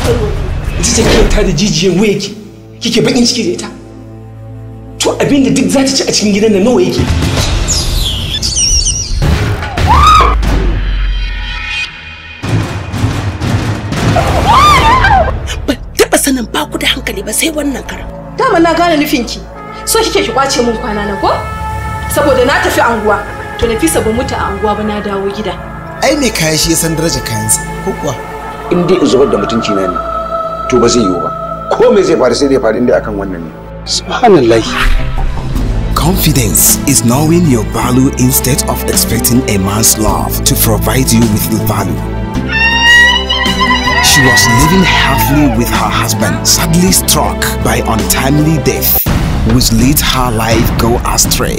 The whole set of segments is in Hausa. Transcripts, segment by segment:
ita ce kyauta da jijiyan ke kike bakin ciki da ita to abinda duk za ta ci a cikin gidan nan nawa yake ba taba sanin ba ku da hankali ba sai wannan karan dama na gane nufinki so kike ki kwace min kwana na ko saboda na tafi anguwa to nafisa ba mutu a anguwa ba na dawo gida ai me kaya shi ya san daraja kayansa ko kuwa in dai in zubar da mutunci na ne to ba zai yiwu ba ko me zai faru sai dai faru inda akan wannan ne subhanallah Confidence is knowing your value instead of expecting a man's love to provide you with the value. She was living happily with her husband, sadly struck by untimely death, which let her life go astray.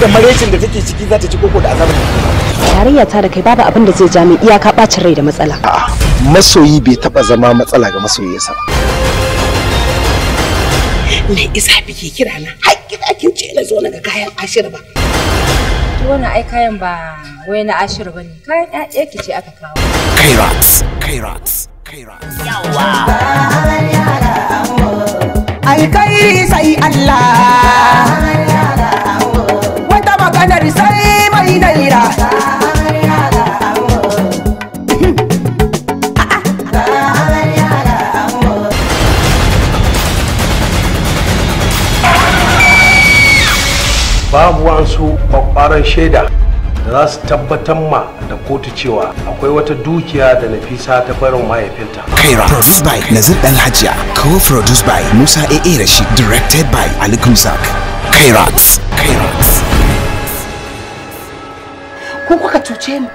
da marecin da take ciki za ta ci koko da azabar tarayya ta da kai babu abin da zai ja mai iyaka bacin rai da matsala masoyi bai taba zama matsala ga masoyinsa ne isa bike kira na haƙiƙa kin ce na zo na ga kayan ashir ba wani ai kayan ba wai na ashir ba ne kayan ƴaƴa ki ce aka kawo kairat kairat kairat yawa kai sai Allah maganar sai mai naira babu wasu kwakwaran shaida da za su tabbatar ma da kotu cewa akwai wata dukiya da nafisa ta barin mahaifinta. Kaira produced by Nazir Dalhajiya, co-produced by Musa A.A. Rashid, directed by Ali Kumzak. Kairat. Kairat. ko kuka cuce mu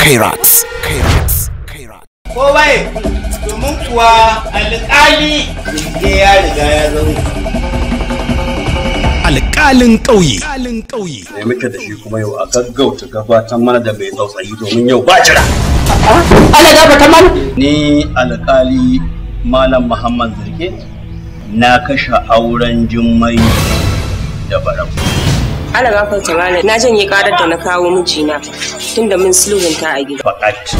Kairats. Kairats. Kairats. Ko bai, domin kuwa alƙali ya riga ya zaune. Alƙalin ƙauye. 'yan ƙauye. Me muke da shi kuma yau a gaggauta gabatar mana da mai tsautsayi domin yau ba jira. Ana gabata mana. Ni alƙali Malam Muhammad Zirke na kashe auren Jummai da Barau. Ana gafarta malam na janye ƙarar da na kawo mijina tunda mun sulhunta a gida. Fakat.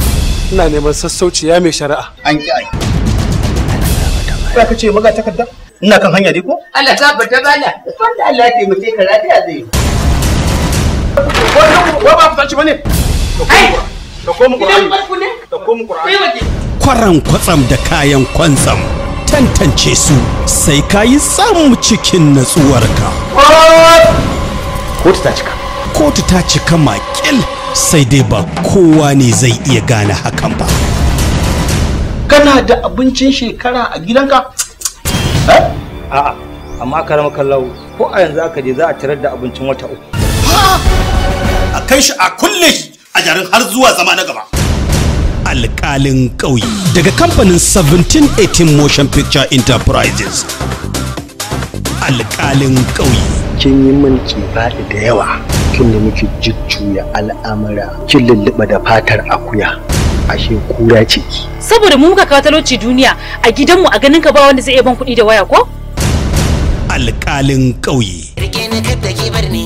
Ina neman sassauciya mai shari'a. An ki ai. Ba ka ce maga takarda? Ina kan hanya dai ko? Allah ta bata bala. Wanda Allah ya taimake ka lafiya zai Da Kwaran kwatsam da kayan kwantsam. Tantance su sai ka yi samu cikin natsuwarka. Kotu ta cika. Kotu ta cika makil sai dai ba kowa ne zai iya gane hakan ba. Kana da abincin shekara a gidanka? Eh? A'a, amma kallau ko a yanzu aka je za a tarar da abincin wata uku. a kai shi a kulle shi a jarin har zuwa zama na gaba alƙalin ƙauye daga kamfanin 1718 motion picture enterprises alƙalin ƙauye kin yi min faɗi da yawa kin da muke jujjuya al'amura kin lulluɓa da fatar akuya ashe kura ce saboda mu muka kawo talauci duniya a gidanmu a ganin ka ba wanda zai iya ban kuɗi da waya ko alƙalin ƙauye rike ni kadda ke bar ni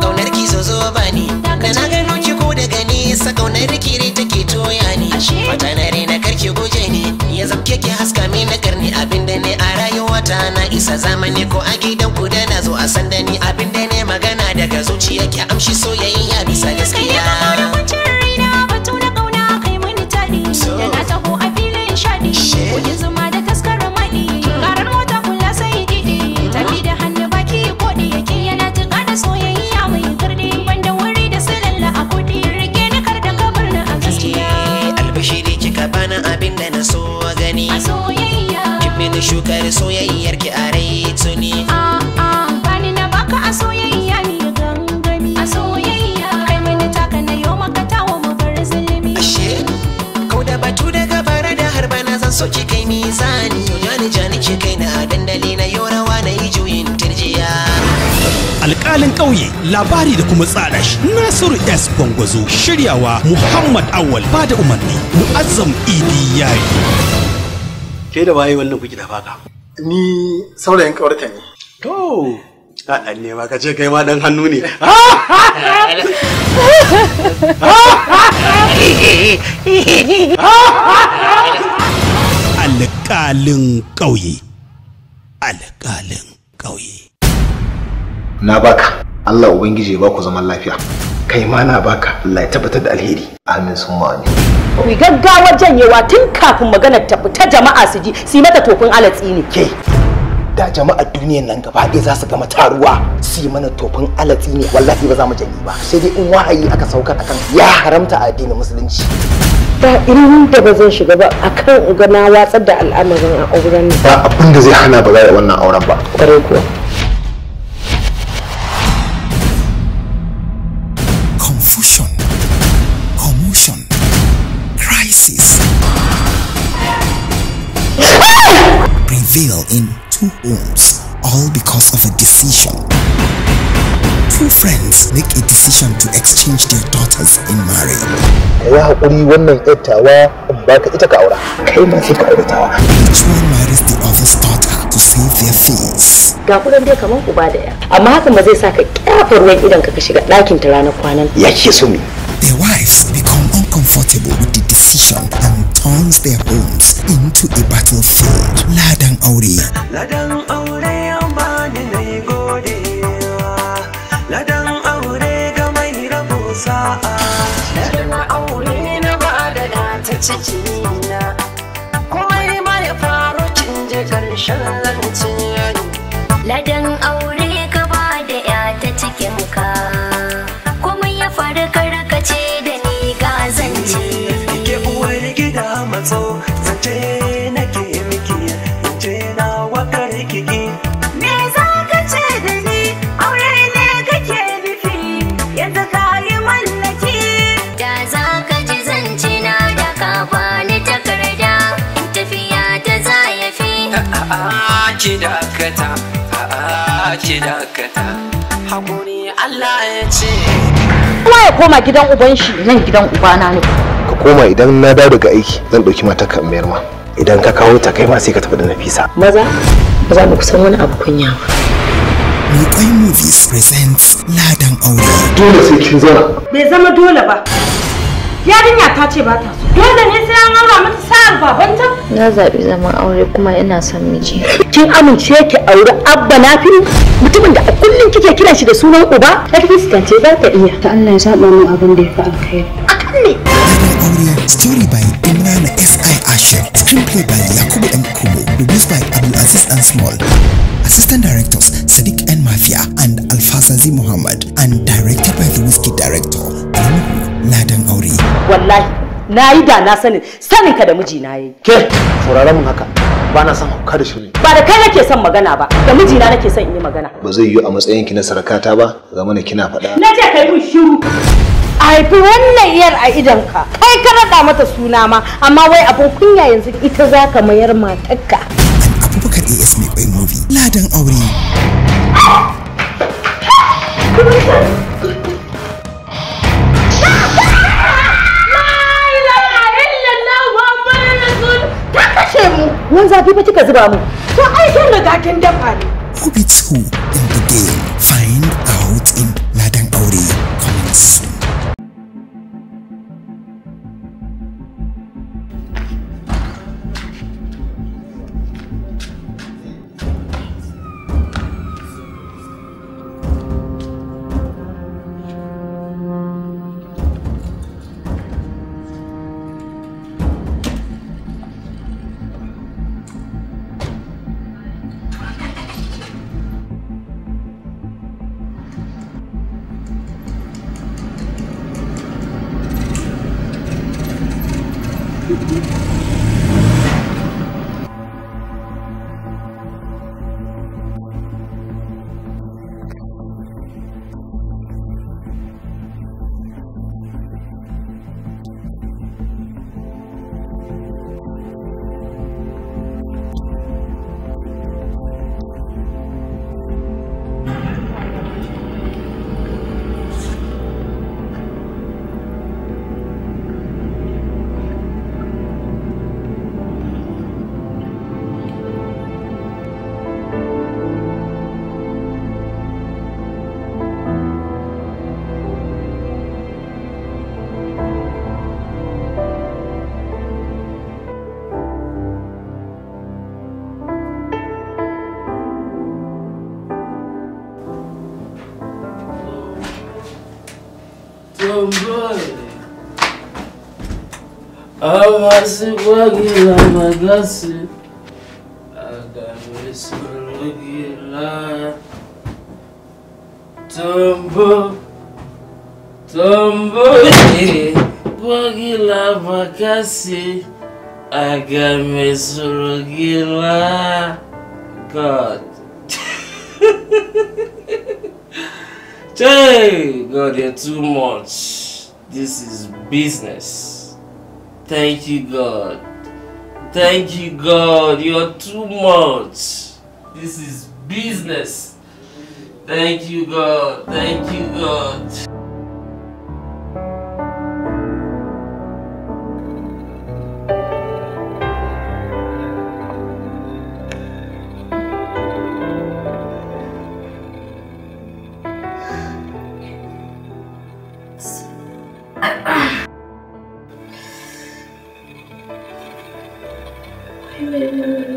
kaunar ki zo zo ba ni haka na gano ki ko daga nesa kaunar rikiri take toya ni wata na rena karki guje ni ya zamke ki haska mai na karni da ne a rayuwata na isa zamani ko a gidan ku da na zo a sanda ni da ne magana daga zuciya ki amshi soyayya bisa gaskiya ja nake kaina dandali na yau rawa na yi juyin tirjiya. alƙalin ƙauye labari da kuma tsadashi. nasiru s gwangwazo shiryawa muhammad awal ba da umarni mu'azzam idi yari ke da waye wannan kuki da faka ni saurayin ƙaurata ne to a ɗan ne ba ka ce kai ma ɗan hannu ne ha ha ha alƙalin ƙauye alƙalin ƙauye na baka Allah ubangiji ba ku zaman lafiya kai ma na baka Allah ya tabbatar da alheri amin sun amin ku gaggawar janyewa tun kafin magana ta fita jama'a su ji su mata tofin alatsi ne ke da jama'ar duniyar nan gaba ɗaya za su gama taruwa su yi mana tofin alatsi ne wallahi ba za mu janye ba sai dai in wahayi aka saukar akan ya haramta addinin musulunci ba da ba zan shiga ba akan ga na watsar da al'amarin a auren ba abin da zai hana ba za wannan auren ba kare kuwa confusion commotion crisis prevail in two homes all because of a decision two friends make a decision to exchange their daughters in marriage. Ka yi wannan yattawa ba ita ka aura, kai ma sai ka aure tawa. Each one marries the other's daughter to save their face. Ga kudan dai kamar uba da ya, amma hakan ba zai sa ka kyafa ruwan idan ka shiga ɗakin ta ranar kwanan. Ya ke so Their wives become uncomfortable with the decision and turns their homes into a battlefield. Ladan aure. Ladan aure. ciki kuma yi mai faru cin je lantin zance ladan aure ki dakata a ki dakata hakuri Allah ya ce kuma ya koma gidan uban shi nan gidan ubana ne ka koma idan na dawo daga aiki zan dauki matarka kan mayar ma idan ka kawo ta kai ma sai ka tafi da Nafisa maza ba za mu kusan wani abu kunya ba Mukwai Movies presents Ladan Aure. Dole sai kin zauna. Bai zama dole ba. Yarinya ta ce ba ta so. dole ne sai an aura mata sa'ar babanta na zaɓi zaman aure kuma ina son miji kin amince ki aure abba nafi'u mutumin da a kullum kike kiran shi da sunan uba ta ce za ta iya ta Allah ya saba min abin da ya fi alkhairi kan ne Story by Imran S.I. Asher Screenplay by Yakubu M. Kubo Produced by Abdul Aziz and Small Assistant Directors Sadiq N. Mafia and Alfazazi Muhammad And directed by the Whiskey Director Ladan Auri Wallahi na yi da na sanin sanin ka da miji na yayi ke sauraron mun haka ba na son hauka da shi ne ba da kai nake son magana ba da miji na nake son in yi magana ba zai yiwu a matsayin ki na sarakata ba da kina faɗa na je kai mun shiru a haifi wannan iyar a ka, kai ka raɗa mata suna ma amma wai abin kunya yanzu ita za ka mayar matarka abubakar as mai bai ladan aure ah! Ah! kashe mu ruwan zafi ba kika zuba mu to ai kin riga kin dafa ne who beats who in the game find out in ladan aure comments Thank you. amasị gwa gị na magasị aga m esoro gị laa tombo tombo gwa gị na magasị aga m esoro god Hey, God, you're too much. This is business. Thank you, God. Thank you, God. You're too much. This is business. Thank you, God. Thank you, God. Thank you.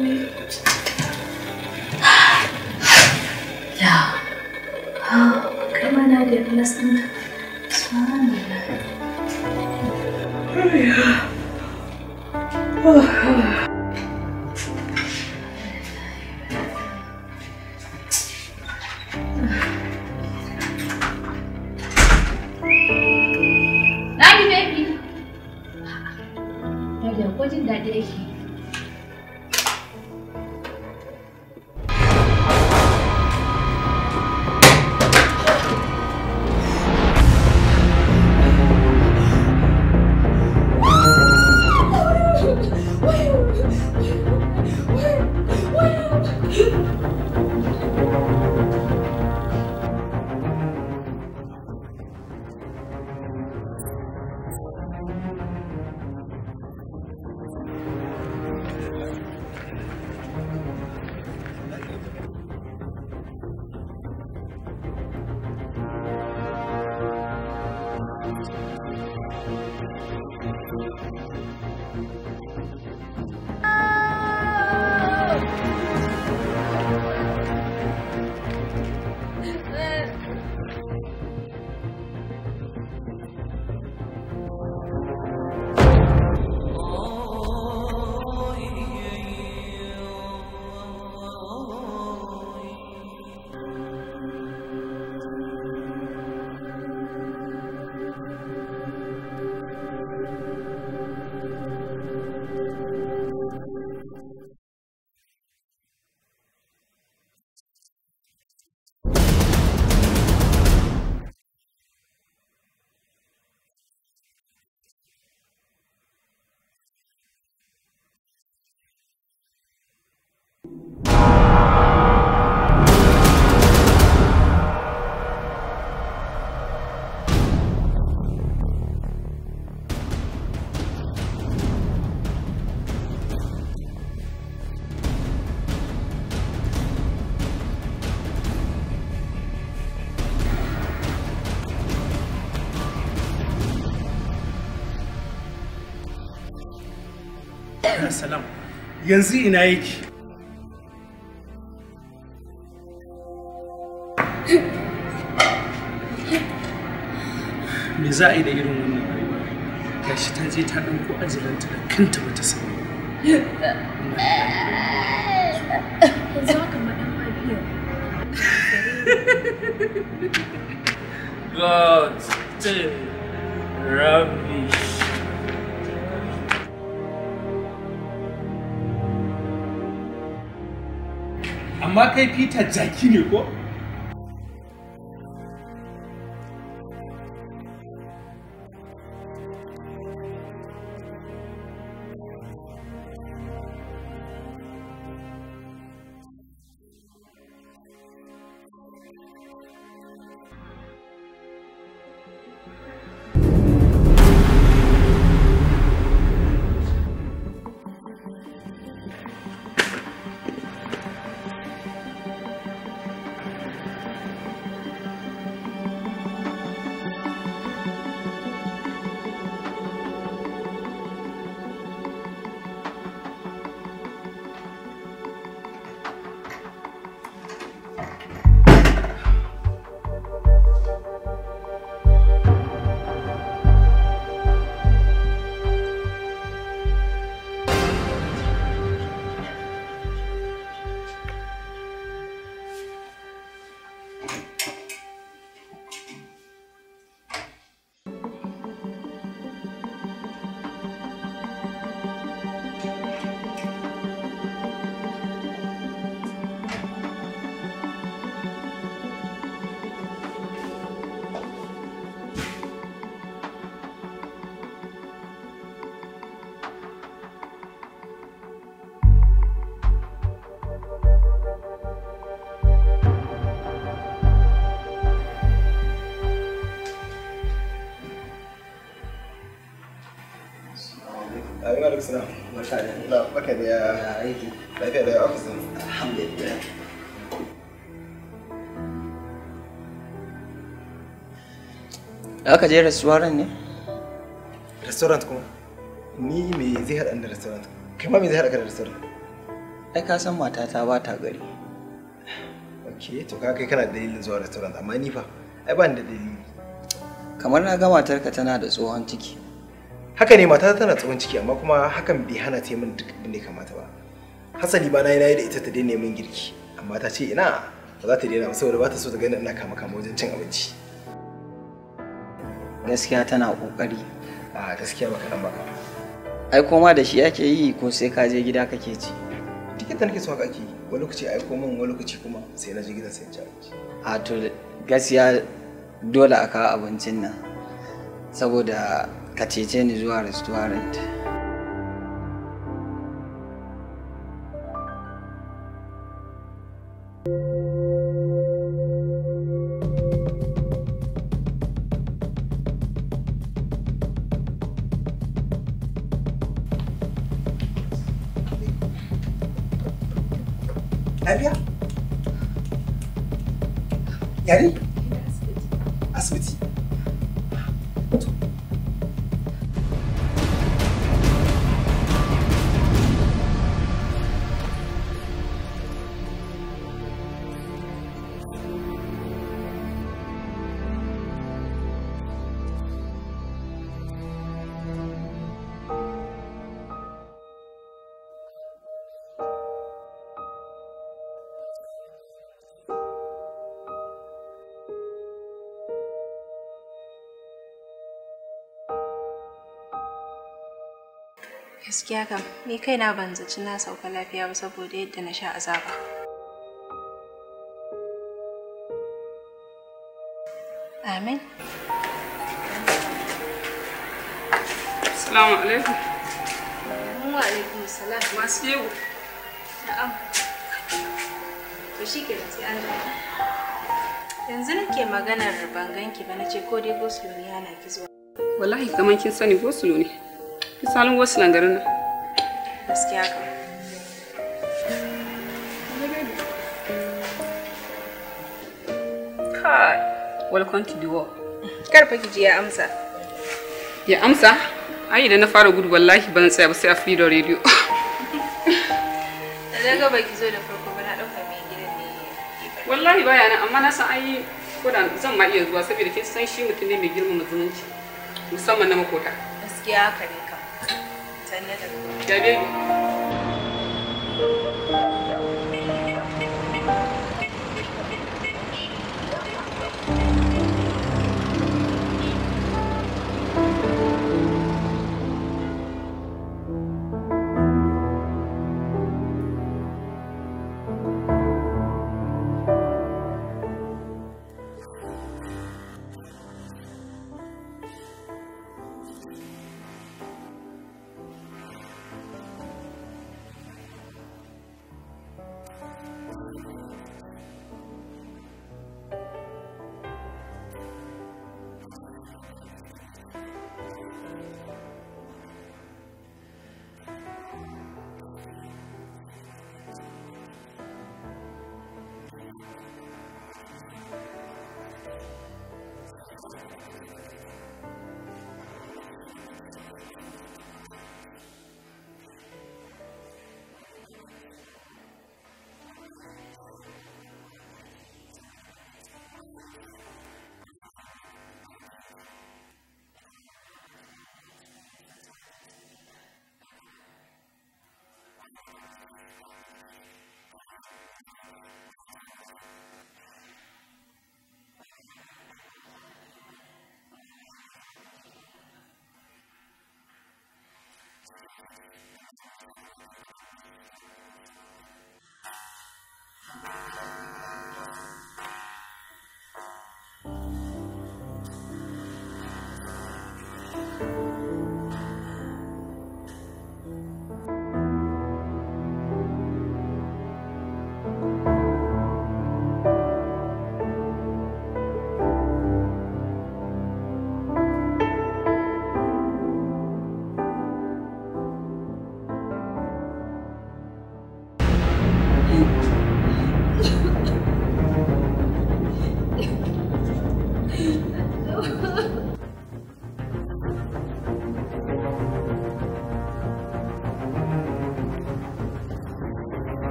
you yanzu ina yake me za a yi da irin wannan rayuwa gashi ta je ta ɗauko ajilanta da kanta mata sani Oh. amma kai Peter jaki ne ko barka da ya aiki lafiya da ofisin alhamdulillah aka je restaurant ne restaurant kuma ni me zai haɗa da restaurant kai ma me zai haɗa ka da restaurant ai ka san matata ba ta gari ok to ka kai kana dalilin zuwa restaurant amma ni fa ai ba ni da dalili kamar na ga matarka tana da tsohon ciki haka ne matata tana tsawon ciki amma kuma hakan bai hana ta min duk abin da ya kamata ba hasali ba na yi da ita ta daina min girki amma ta ce ina ba za ta daina ba saboda ba ta so ta gani ina kama kama wajen cin abinci gaskiya tana kokari a gaskiya ba kaɗan ba ai koma da shi yake yi ko sai ka je gida kake ci tiket ta nake so ka ake yi wani lokaci ai ko min wani lokaci kuma sai na je gida sai ci abinci a to gaskiya dole a kawo abincin nan saboda ka cece ni zuwa restaurant gaskiya kam ni kai na ban zaci na sauka lafiya ba saboda yadda na sha azaba amin salamu alaikum wa alaikum salam masu yau na'am to shi ke sai an yanzu nake maganar ban ganki ba na ce ko dai gosulo ne yana ki zuwa wallahi kamar kin sani gosulo ne misalin wasu nan garin nan gaskiya kam welcome to the world karfa ki ya amsa ya amsa ai da na fara gudu wallahi ban tsaya ba sai a freedom radio da ga baki zo da farko ba na dauka mai gidan ne wallahi baya na amma na san ai ko da zan ma iya zuwa saboda kin san shi mutum ne mai girma mutunci musamman na makota gaskiya haka ne yeah, yeah.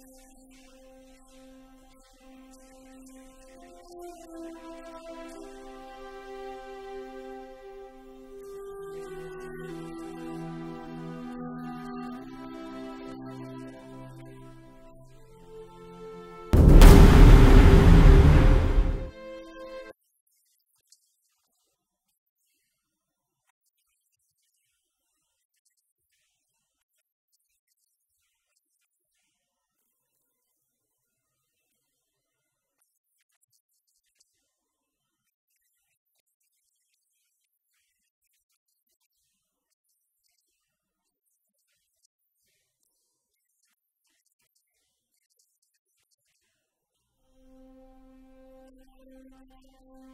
Thank you. Thank you.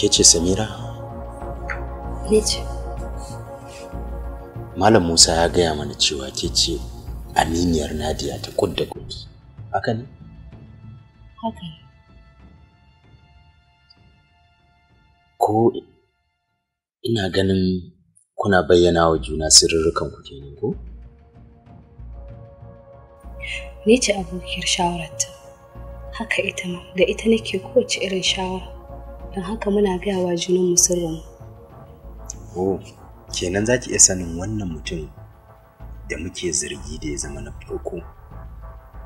ke ce samira ne ce malam musa ya gaya mana cewa ke ce aminiyar nadiya ta kudda kudi haka ne haka ne. ko ina ganin kuna bayyana wa juna sirrukan kuke ne ko ne ce abokiyar shawararta haka ita ma da ita nake kowace irin shawara don haka muna gaya wa junanmu sirrin. Oh, kenan za ki iya sanin wannan mutum da muke zargi da ya zama na farko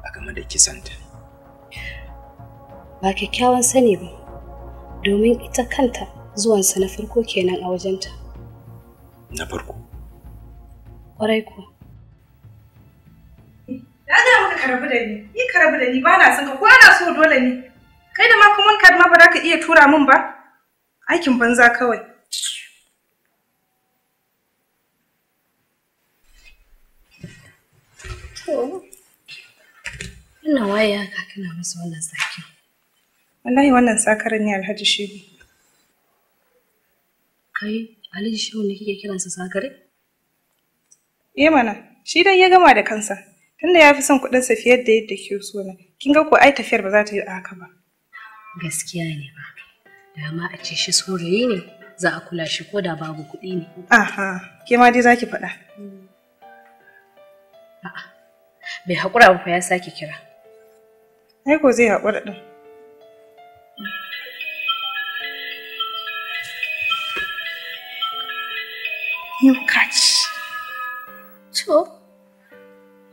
a game da kisanta. Ba kyakkyawan sani ba, domin ita kanta zuwansa na farko kenan a wajenta. Na farko? Ƙwarai ko. Na ga maka karabu da ni, ni karabu da ni ba na son ka ko ana so dole ne. Kai da ma common card ma ba za ka iya tura min ba? Aikin banza kawai. Wannan waye haka kana masa wannan sakin. Wallahi wannan sakarin ne Alhaji Shehu. Kai Alhaji Shehu ne kike kiransa sakare? Eh mana, shi dai ya gama da kansa. Tunda ya fi son kuɗinsa fiye da yadda ke so na. Kin ga ko ai tafiyar ba za ta yi a haka ba. gaskiya ne ba dama a ce shi saurayi ne za a kula shi ko da babu kuɗi ne aha ke ma dai zaki faɗa a'a bai haƙura ba fa ya sake kira ai ko zai haƙura din you catch to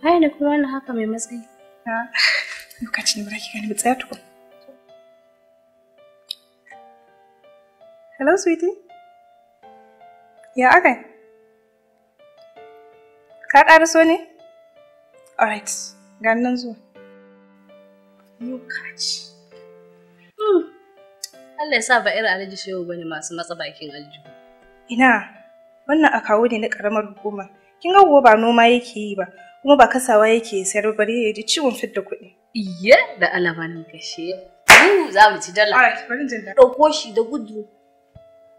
ai ne kuma haka mai matsayi ha you catch ne ba ki gani ba tsaya tukun Hello, sweetie. Ya aka Ka ƙara so ne? Alright, ga nan zuwa. You catch. Hmm. Allah ya sa ba irin alhaji shehu ne masu matsa bakin aljihu. Ina, wannan akawo ne na ƙaramar hukuma. Kin ga ba noma yake yi ba, kuma ba kasawa yake yi. sayar bari ya ji ciwon fidda kuɗi. Iye da alabanin kashe. Mu za mu ci dala. Alright, bari jin Ɗauko shi da gudu.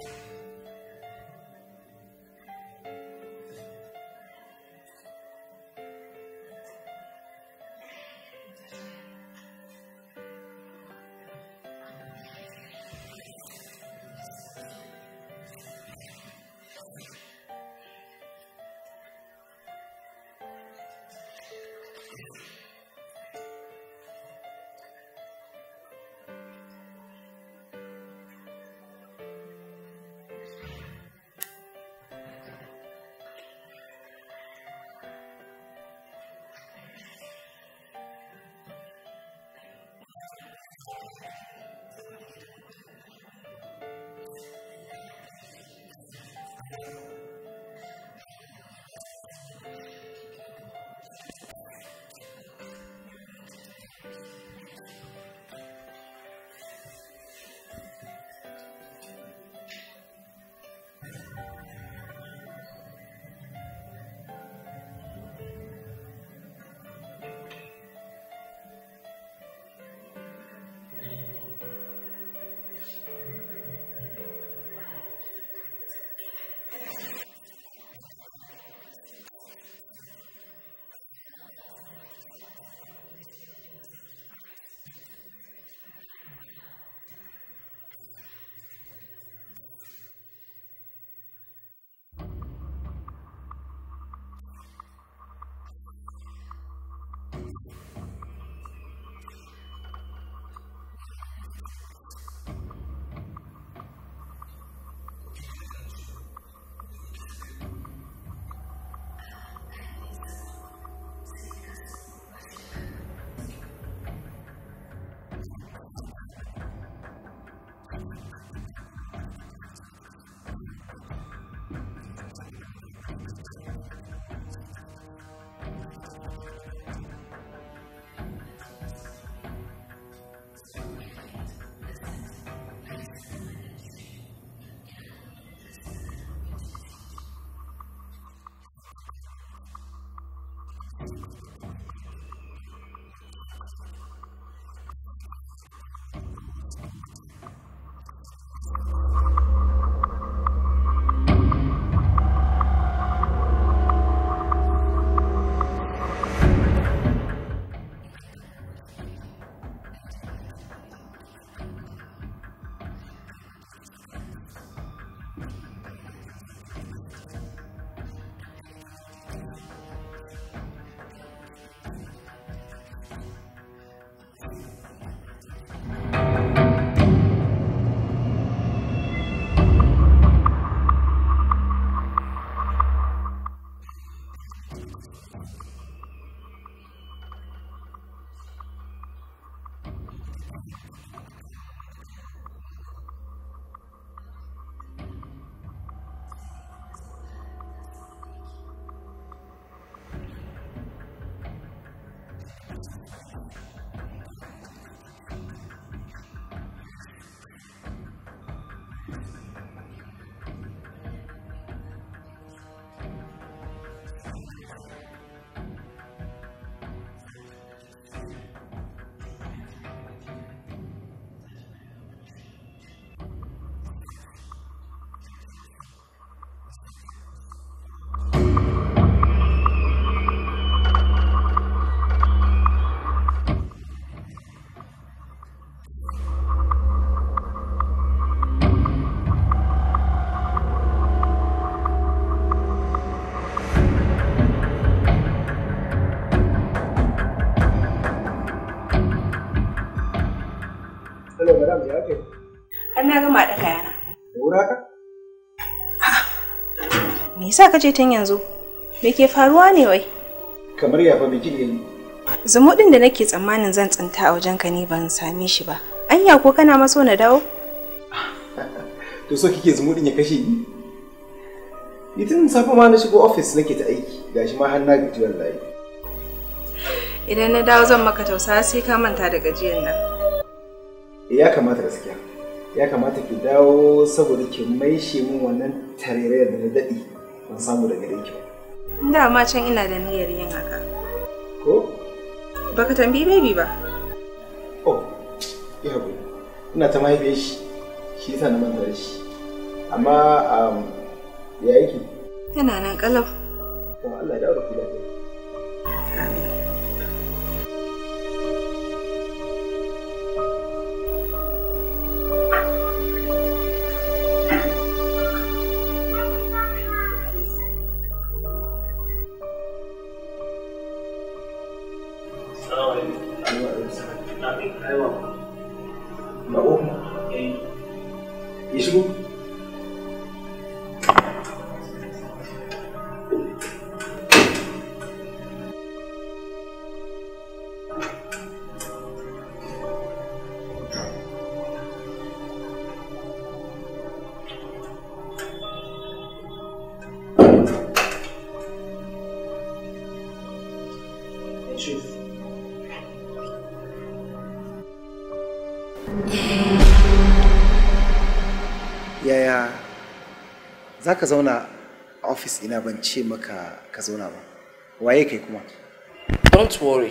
Thank you you na gama da kayana. Da wura ka? Me yasa ka je tun yanzu? Me ke faruwa ne wai? Kamar ya fa me kike yi? Zumuɗin da nake tsammanin zan tsinta a wajen ka ne ban same shi ba. Anya ko kana maso na dawo? To so kike zumuɗin ya kashe ni? Itin safa ma na shigo ofis nake ta aiki, gashi ma har na gaji wallahi. Idan na dawo zan maka tausa sai ka manta da gajiyan nan. Eh, ya kamata gaskiya. ya kamata ki dawo saboda ki maishe min wannan tarere da na daɗi ban samu da gare ki da ma can ina da niyyar yin haka ko baka tambayi baby ba oh yabo. ina ta mahaifiyar shi shi yasa na manta da shi amma um, ya yake tana nan kalau kuma Allah ya dawo da ku Ya shigo? ka zauna a ofis ina ban ce maka ka zauna ba waye kai kuma don't worry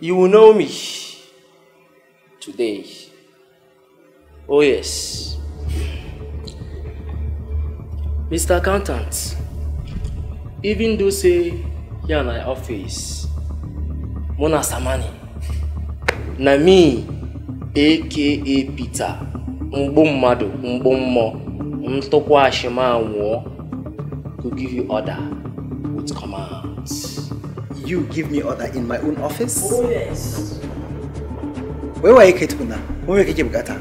you know me today oh yes mr accountant even though say here na office mona samani na me aka peter mgbu mmadụ mgbu mmụọ Mtokwashimanwo to give you order with commands. You give me order in my own office? Oh, yes. Where were you Ketuna? Where were you Bukata?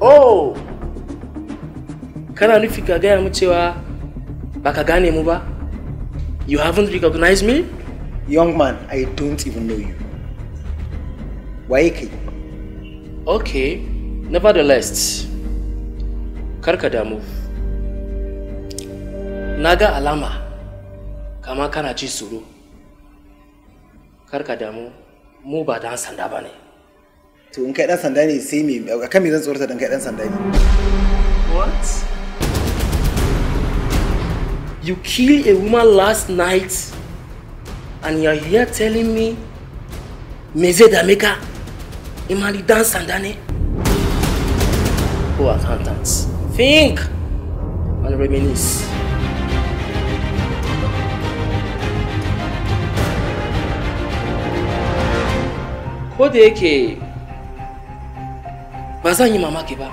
Oh! Kana nufi ka gaya mu cewa baka gane mu ba? You haven't recognized me? Young man, I don't even know you. Waye kai? Okay, nevertheless, karka damu. na ga alama kama kana ci tsoro karka damu mu ba dan sanda ba ne to in kai dan sanda ne sai me kan me zan tsorata dan kai dan sanda ne what you kill a woman last night and are here telling me meze da meka imali dan sanda ne who are hunters think and reminisce ko da yake ba zan yi mamaki ba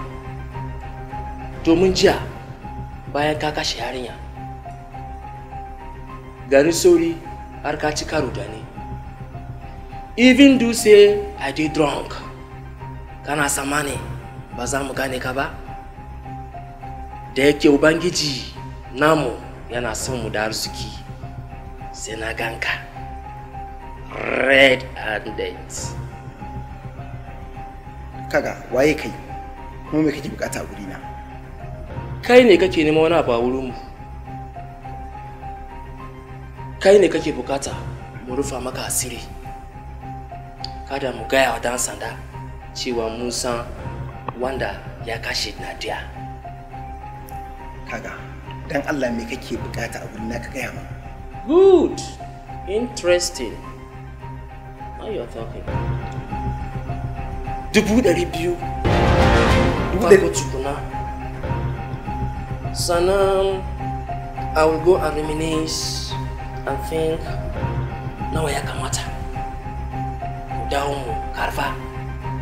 domin jiya bayan ka kashe yarinya gari sauri har ka ci karo da ni even do say i dey drunk kana samani ba za mu gane ka ba da yake ubangiji namu yana son mu da arziki sai na ganka red handed kaga waye kai kuma me kake bukata a gurina kai ne kake nema wani abu a wurin mu kai ne kake bukata mu rufa maka asiri kada mu gaya wa dan sanda cewa mun san wanda ya kashe Nadia. Kaga, dan Allah me kake bukata a wurin ka gaya min? Good. Interesting. Now you're talking. dubu ɗari biyu dubu ɗari tukuna sannan i will go and reminisce and think nawa ya kamata mu karfa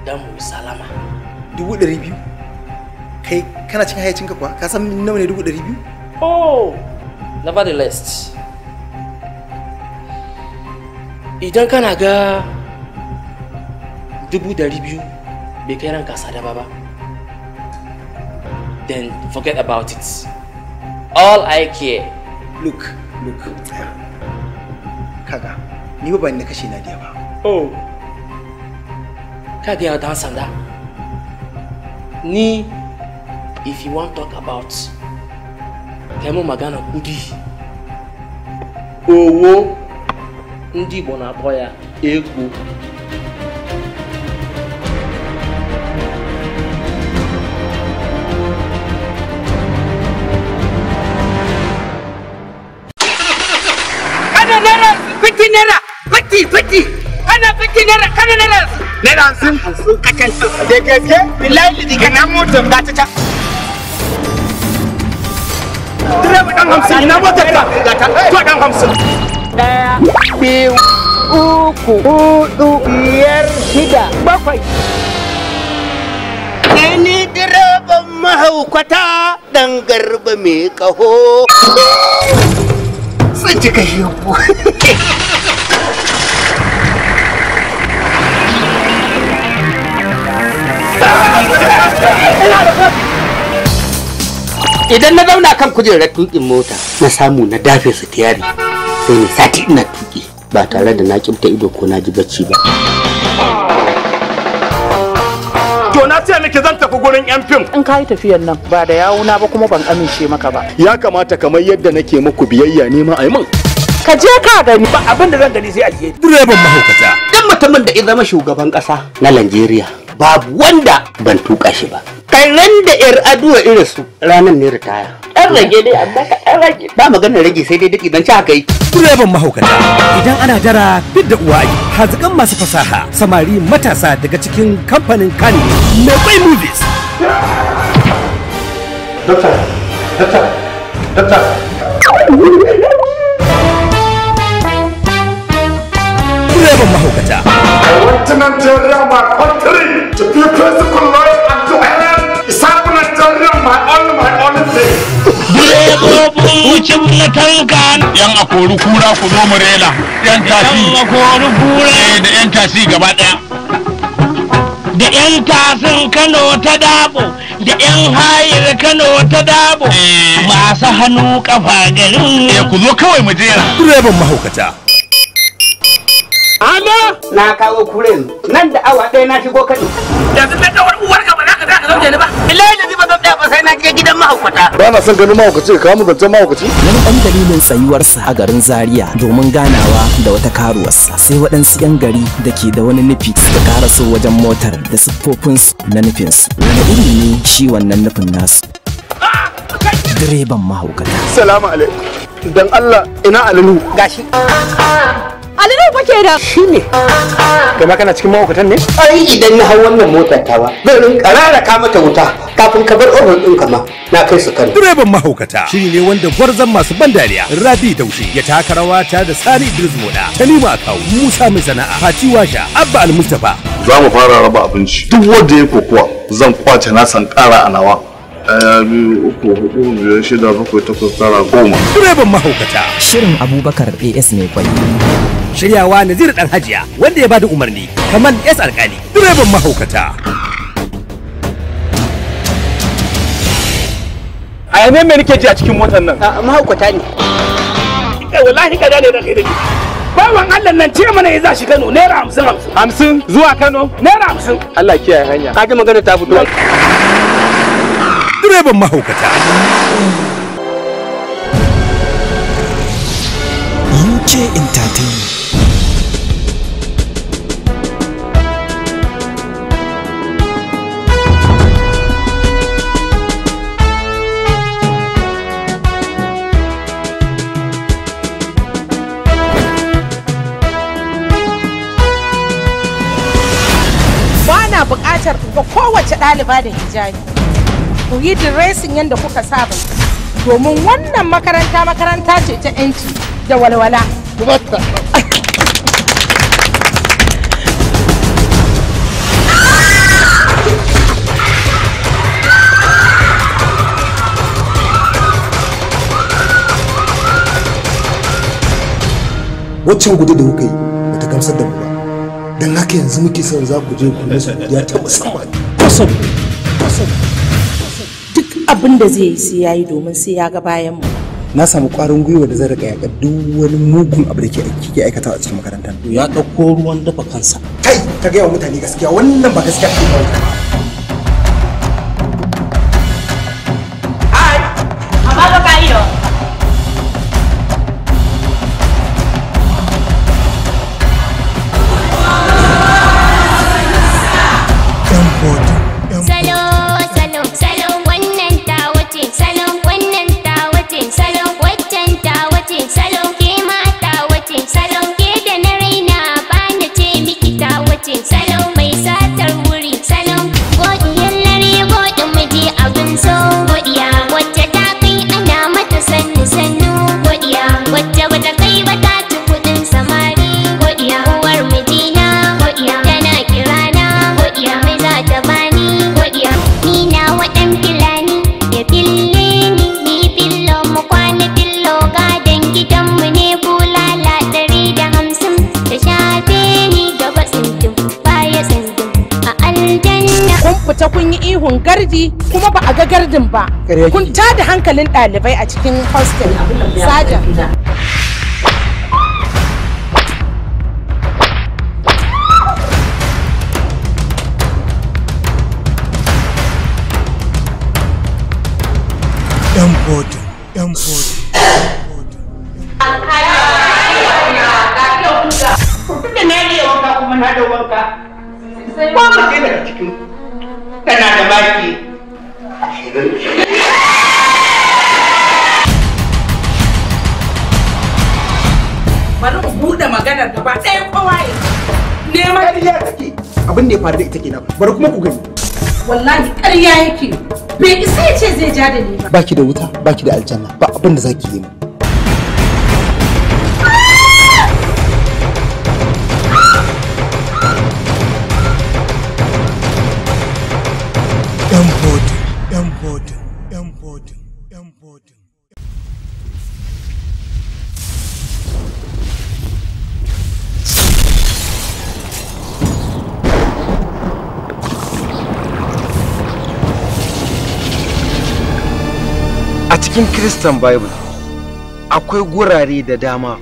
don mu salama dubu ɗari biyu kai kana cin hayacinka kuwa ka san nawa ne dubu ɗari biyu oh nevertheless idan kana ga dubu dari biyu bai kɛra sada sadaba ba then forget about it all i care look look kaga ni ba ni kashe dia ba oh kaga ya dan sanda ni if you want talk about kai magana kudi owo ndi bona na ego faki ana kana da gaske billahi kana ba ta ta dan hamsin ina ka ta ko. dan hamsin daya biyu uku hudu biyar shida bakwai direban mahaukata dan garba mai kaho sun idan na zauna kan kujerar tukin mota na samu na dafe su tiyari sai ne sati ina tuki ba tare da na kimta ido ko na ji bacci ba to na ce miki zan tafi gurin yan fim in kai tafiyar nan ba da yawuna ba kuma ban amince maka ba ya kamata kamar yadda nake muku biyayya ne ma aiman. ka je ka gani ba abin da zan gani sai a direban mahaukata dan mutumin da ya zama shugaban ƙasa na Najeriya babu wanda ban tuka shi ba kairan da yar aduwa irin su ranar ne ritaya An rage dai amma ka an rage ba magana rage sai dai duk idan ci haka yi direban mahaukata idan ana dara fit da uwa yi hazikan masu fasaha samari matasa daga cikin kamfanin kani na bai movies doctor doctor doctor direban mahaukata. I want to tell you my country, to be a principal lawyer and to help. It's to tell you my own, my own thing. Direbobi wucin tankan. Yan akori kura ku zo mu rela. Yan tasi. Yan akori kura. Eh, da yan tasi gaba daya. Da yan tasin Kano ta dabo. da 'yan hayar kano ta dabo eh. masu hannu kafa garin eh, ku zo kawai mu jera direban mahaukata Ana? Na kawo kure nan da awa ɗaya na shigo kaɗi. Yanzu na ɗawar uwar ka ba za ka za ka zaune ni ba. Ilai da ba zan ɗaya ba sai na je gidan mahaukata. Ba na son ganin mahaukaci ka mu zancen mahaukaci. Wani ɗan dalilin tsayuwarsa a garin Zaria domin ganawa da wata karuwarsa sai waɗansu 'yan gari da ke da wani nufi suka so wajen motar da siffofinsu na nufinsu. Wani iri ne shi wannan nufin nasu. Direban mahaukata. Salamu alaikum. Dan Allah ina alalu. Gashi. Ali ne ke da. Shi ne. Kai ma kana cikin mahaukatan ne? Ai idan na hau wannan motar tawa zan rinka raraka mata wuta kafin ka bar ofin ɗin kama na kai su kan. Direban mahaukata shi ne wanda Gwarzan masu ban dariya Rabi Daushe ya taka rawa ta da Sani Idris Moda, Talima Akawu, Musa Mai Sana'a, Fati Washa, Abba Al-Mustafa. Za mu fara raba abinci. Duk wanda ya kokowa zan kwace na san kara a nawa. ɗaya biyu uku hudu biyar shida bakwai takwas tara goma. Direban mahaukata. Shirin Abubakar AS mai kwai. shiryawa Nazir dan Hajiya wanda ya bada umarni kamar S alkali direban mahaukata a yame me nake ji a cikin motar nan mahaukata ne eh wallahi ka ne da kai da bawan Allah nan ce mana ya za shi Kano naira hamsin hamsin hamsin zuwa Kano naira hamsin Allah kiyaye hanya ka ji magana ta fito direban mahaukata UK Entertainment kowace ɗaliba da hijabi ku yi diresin yadda kuka saba domin wannan makaranta makaranta ce ta 'yanci da walwala waccan gudu da kuka yi ta gamsar da mu ba don haka yanzu muke son za ku je ku musu ya ta musamman kwasan duk abin da zai yi sai ya yi domin sai ya ga bayan mu na samu ƙwarin gwiwa da zai riga yaƙa duk wani mugun abu da ke aikata a cikin makarantar ya ɗauko ruwan dafa kansa kai ka gaya wa mutane gaskiya wannan ba gaskiya ba ihun gardi kuma ba a ga gardin ba kun tada hankalin ɗalibai a cikin hostel sajan baki da wuta baki da aljanna ba abin da zaki yi mu Christian Bible akwai gurare da dama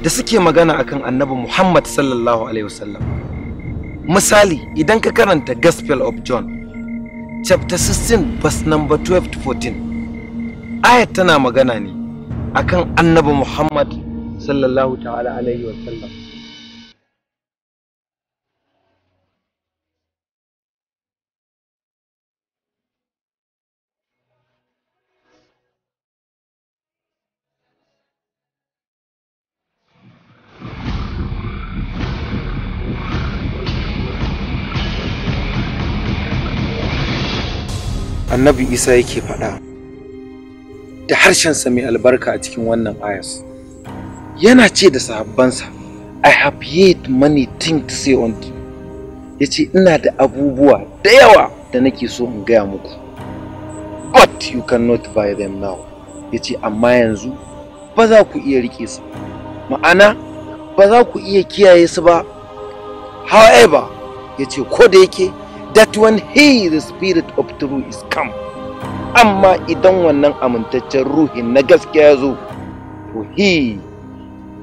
da suke magana akan annabi Muhammad sallallahu Alaihi wasallam. Misali idan ka karanta Gospel of John, chapter 16 verse number 12 to 14, ayat tana magana ne akan annabi Muhammad sallallahu ta'ala Alaihi wasallam. annabi isa yake faɗa da harshensa mai albarka a cikin wannan ayas yana ce da sahabbansa i have yet many things to say unto ya ce ina da abubuwa da yawa da nake so in gaya muku but you cannot buy them now ya ce amma yanzu ba za ku iya rike su ma'ana ba za ku iya kiyaye su ba however ya ko da yake that when he the spirit of truth is come amma idan wannan amintaccen ruhin na gaskiya zo to he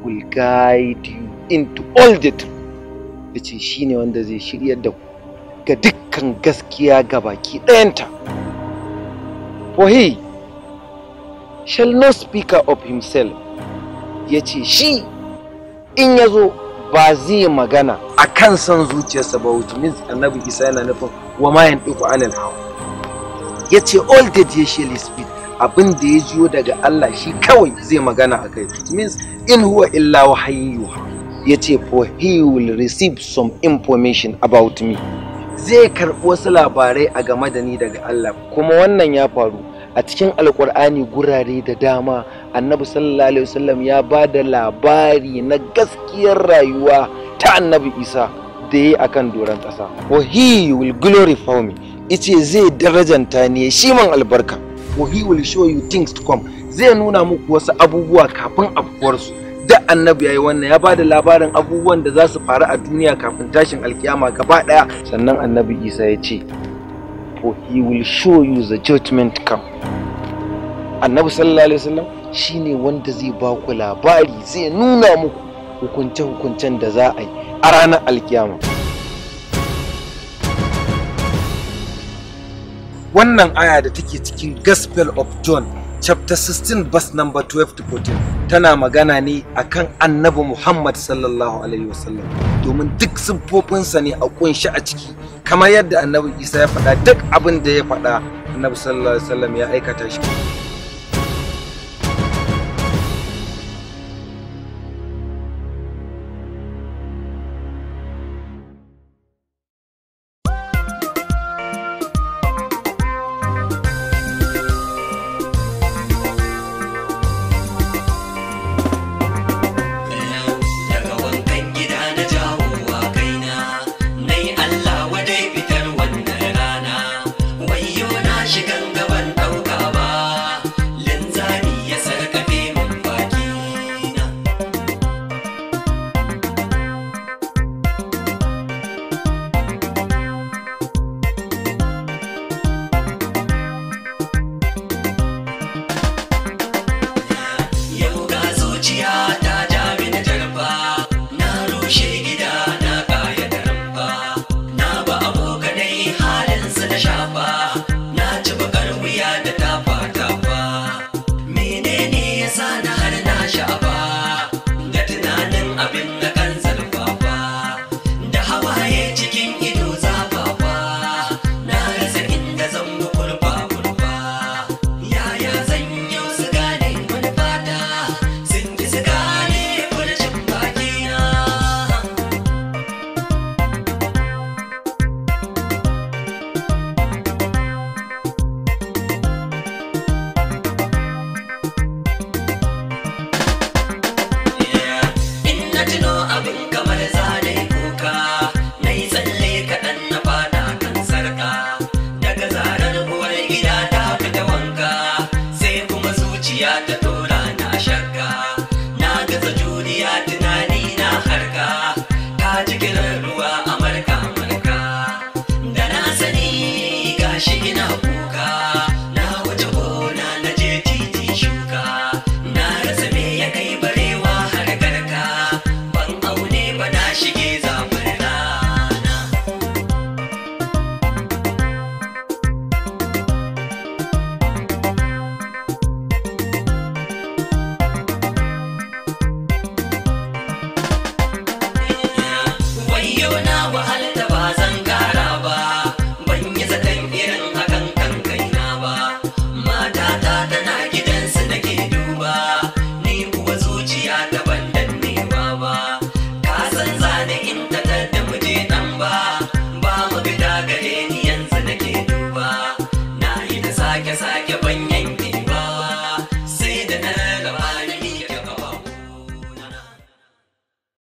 will guide you into all the truth yace shine wanda zai shiryar da ga dukkan gaskiya ga baki ɗayanta for he shall not speak of himself yace shi in ya zo ba zai magana a kan son zuciyarsa ba wuce means annabi isa yana nufin wa ma yan ɗiku alal hawa ya ce all that ya shall speak abin da ya jiyo daga Allah shi kawai zai magana a kai which means in huwa illa ya ce for he will receive some information about me zai karɓi wasu labarai a game da ni daga Allah kuma wannan ya faru a cikin alkur'ani gurare da dama annabi sallallahu alaihi wasallam ya ba da labari na gaskiyar rayuwa ta annabi isa da ya yi akan doron ƙasa wa he will glorify me ice zai darajanta ne shi man albarka wa will show you things to come zai nuna muku wasu abubuwa kafin afkuwarsu Da annabi ya yi wannan ya ba da labarin abubuwan da za su faru a duniya kafin tashin alkiyama gaba ɗaya sannan annabi isa ya ce for he will show you the judgment come annabi sallallahu alaihi wasallam shine wanda zai ba ku labari zai nuna muku hukunce-hukuncen da za a yi a ranar alkiyama wannan aya da take cikin gospel of john chapter 16 verse number 12 to 14 tana magana ne akan annabi muhammad sallallahu alaihi wasallam domin duk siffofinsa ne a kunshi a ciki kamar yadda annabi isa ya faɗa duk abin da ya faɗa annabi sallallahu alaihi wasallam ya aikata shi